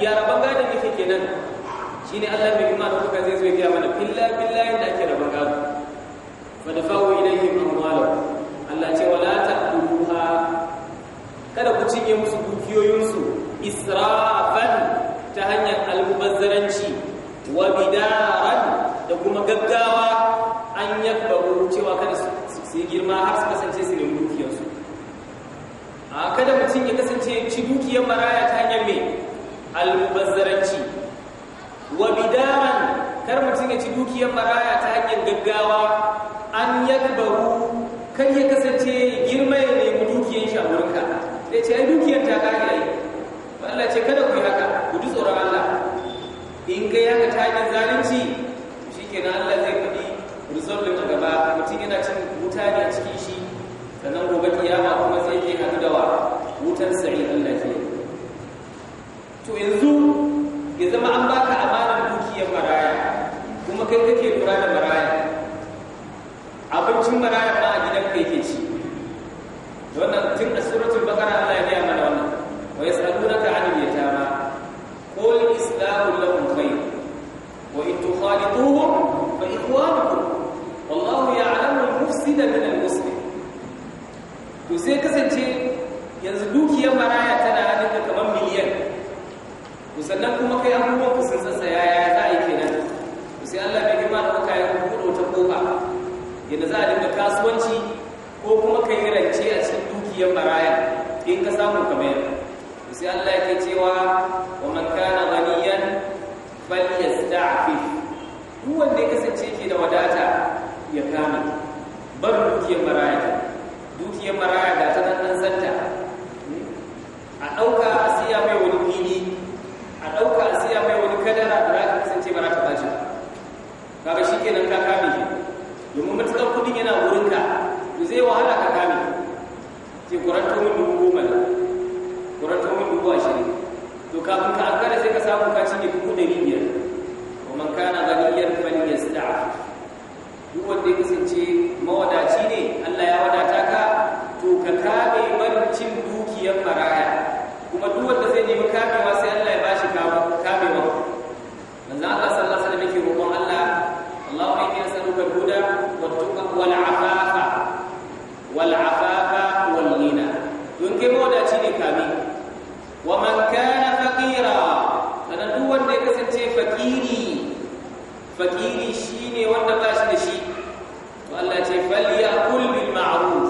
ya ne ke yake kenan shine Allah mai girma da kuka zai zai gaya mana filla-filla yadda ake raban gado fa da fawo ilaihim amwalahu Allah ce wala ta'duha kada ku cinye musu dukiyoyinsu israfan ta hanyar almubazzaranci wa bidaran da kuma gaggawa an yakbaru cewa kada su yi girma har su kasance su nemi dukiyarsu a kada mutum ya kasance ci dukiyar maraya ta hanyar mai almubazzaranci wa bidaman kar mutum ya ci dukiyar maraya ta hanyar gaggawa an yadbaru kar ya kasance girma ya nemi dukiyar shi a ce ai dukiyar ta kare ai Allah ce kada ku yi haka ku ji tsoron Allah in ga haka ta hanyar zalunci shikenan Allah zai kudi result din gaba mutum yana cin wuta ne a cikin shi sannan gobe kiyama kuma zai ke haɗu da wa wutar sa'i to yanzu ya zama an baka amanar dukiyar maraya kuma kai kake kura da maraya abincin maraya ba a gidan kai ke ci wannan tun a suratul baqara Allah ya gaya mana wannan wa yas'alunaka 'anil yatama qul islamu lahum khair wa in tukhaliduhum fa ikhwanukum wallahu ya'lamu al-mufsida min al-muslim to sai kasance dukiyar maraya in ka samu ka mayar sai Allah yake cewa wa man kana ghaniyan duk wanda ya kasance ke da wadata ya kama bar dukiyar maraya dukiyar maraya ce kuranta min dubu goma ne kuranta min dubu ashirin to kafin ka ankara sai ka samu ka cinye dubu ɗari biyar wa man kana ganiyar falin ya sida duk wanda ya kasance mawadaci ne Allah ya wadata ka to ka kame barcin dukiyar maraya kuma duk wanda zai nemi kamewa sai Allah ya bashi kamewa manzo Allah sallallahu alaihi wasallam yake roƙon Allah Allahu ya kiyasa ruka huda wa tuqa wal afafa wal kai mawadaci ne kame wa man kana faqira duk wanda ya kasance fakiri fakiri shine wanda ba shi da shi to Allah ce falyakul bil ma'ruf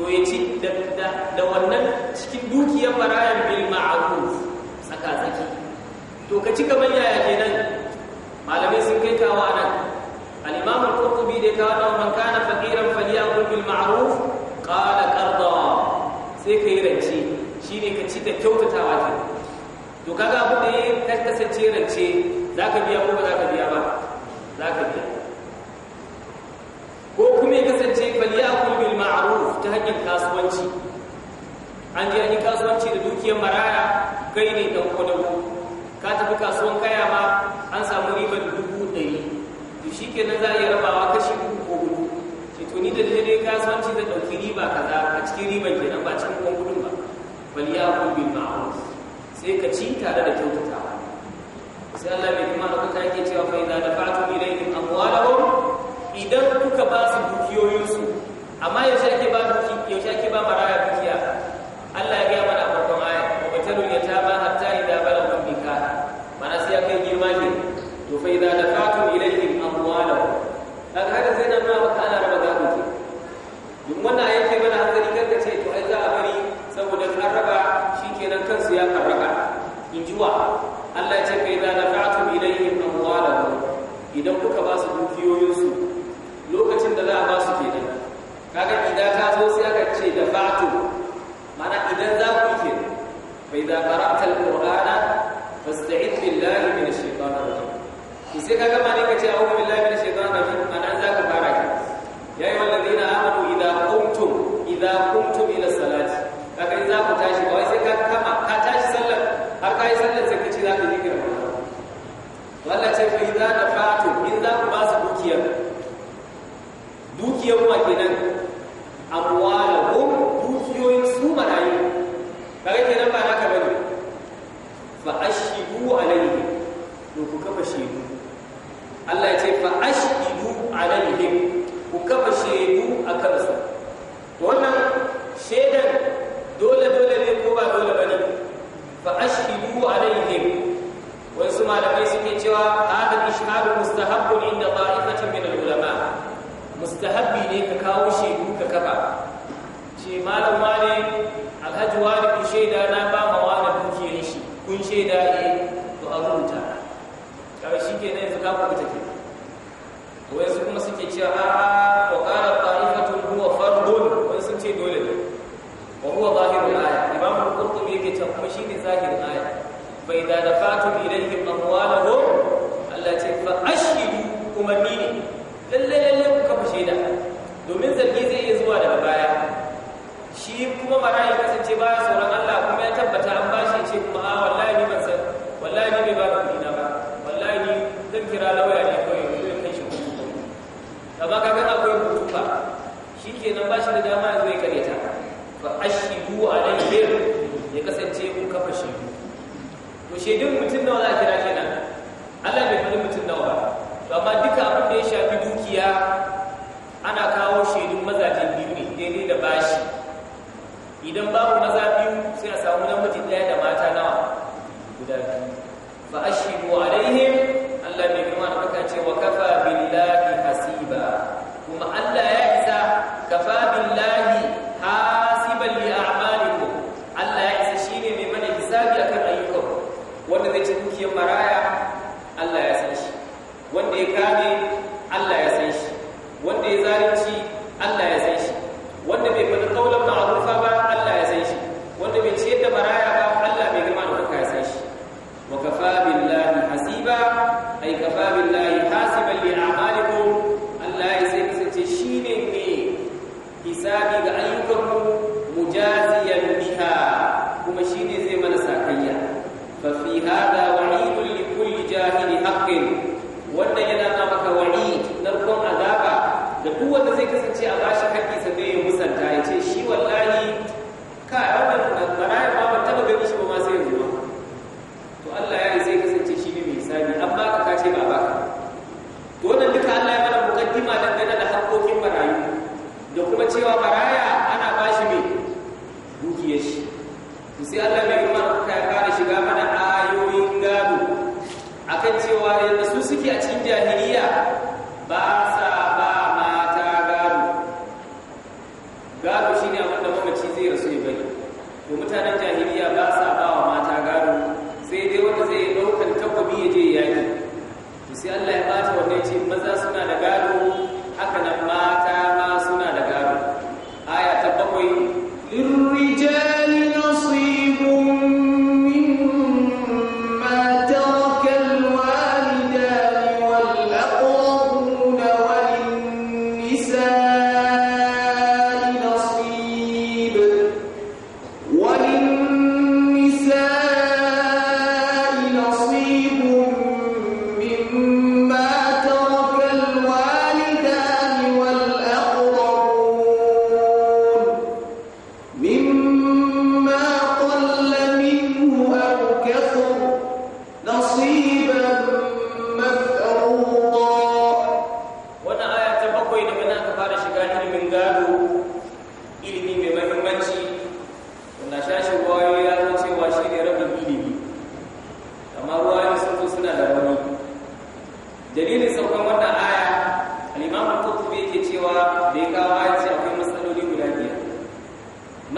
to yace da da wannan cikin dukiyar barayan bil ma'ruf Saka zaki. to ka ci gaban yaya kenan kaga abu da ya kasance rance za ka biya ko ba za ka biya ba za ka biya ko kuma ya kasance falyakul bil ma'aruf ta hanyar kasuwanci an je an yi kasuwanci da dukiyar maraya kai ne dan dabu ka tafi kasuwan kaya ma an samu ribar dubu ɗari to shi kenan za a iya rabawa kashi uku ko hudu ce to ni da dai kasuwanci da ɗauki riba kaza a cikin riban kenan ba cikin kwan gudun ba falyakul bil ma'aruf sai ka ci tare da kyautatawa sai Allah mai kuma ɗaukaka yake cewa fa da dafa'tum ilayhim amwalahum idan kuka ba su dukiyoyinsu amma yaushe ake ba kama فإذا دفعتم إليهم أموالهم التي فأشهدوا أمنيني lallai lallai ku kafa shaida domin zargi zai iya zuwa daga baya shi kuma mara ya kasance baya sauran Allah kuma ya tabbata an bashi ce kuma a wallahi ni ban san wallahi ni bai ba da kuɗina ba wallahi ni zan kira lauya ne kawai yanzu ya kai shi kuma. kuɗi ka kaga akwai hutu fa shi kenan ba shi da dama Ba ya karyata fa ashidu alaihim ya kasance ku kafa shaidu to shaidun mutum nawa za a kira kenan Allah bai faɗi mutum nawa ba to amma duka abin da ya shafi dukiya ana kawo shaidun mazaje biyu ne daidai da bashi idan babu maza biyu sai a samu namiji ɗaya da mata nawa guda biyu fa ashidu alaihim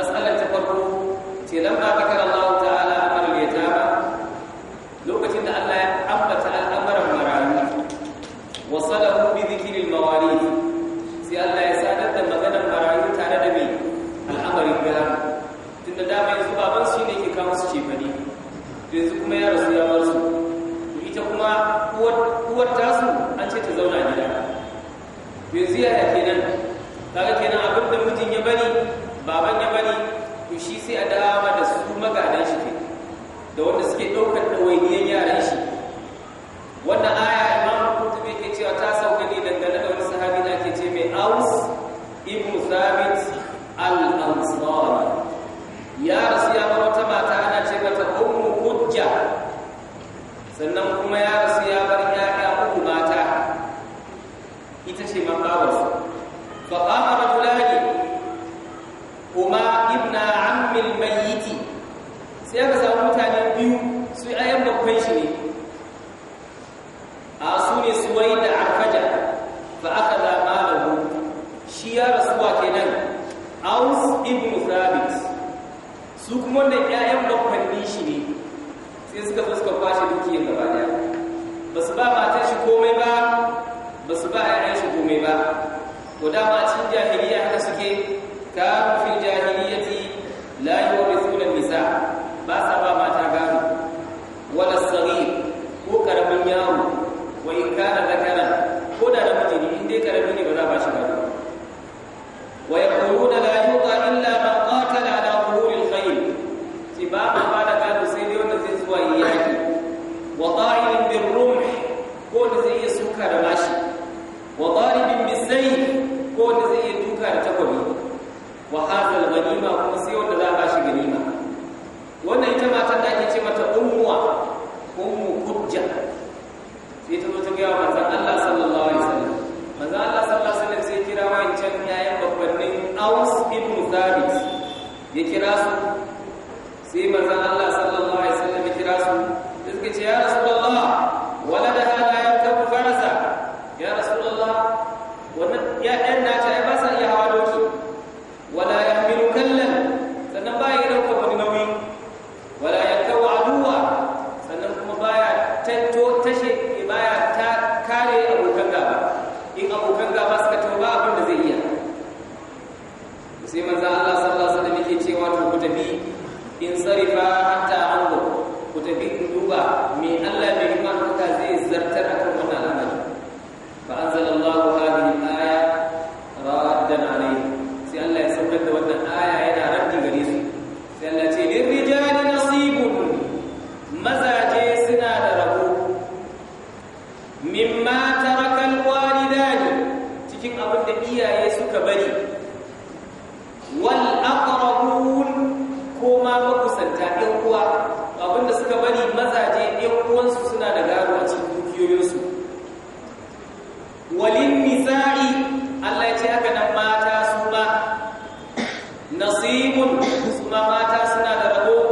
matsalar ta farko ce lamba zakar Allah ta'ala amal yatama lokacin da Allah ya ambata al'amuran marayu wasalahu bi dhikril mawarith sai Allah ya sadar da maganar marayu tare da mai al'amarin gado tunda dama yanzu baban shi ne ke kawo su cefane yanzu kuma ya rasu ya bar su ita kuma uwar tasu an ce ta zauna gida yanzu yaya kenan kaga kenan abin da Wani to shi sai a dama da su maganan shi da wanda suke ɗaukar ɗawainiyar yaran shi wannan aya guda ma ya kira su sai manzon Allah sallallahu alaihi wasallam ya kira su suka ce ya rasu nasibun su mata suna da rabo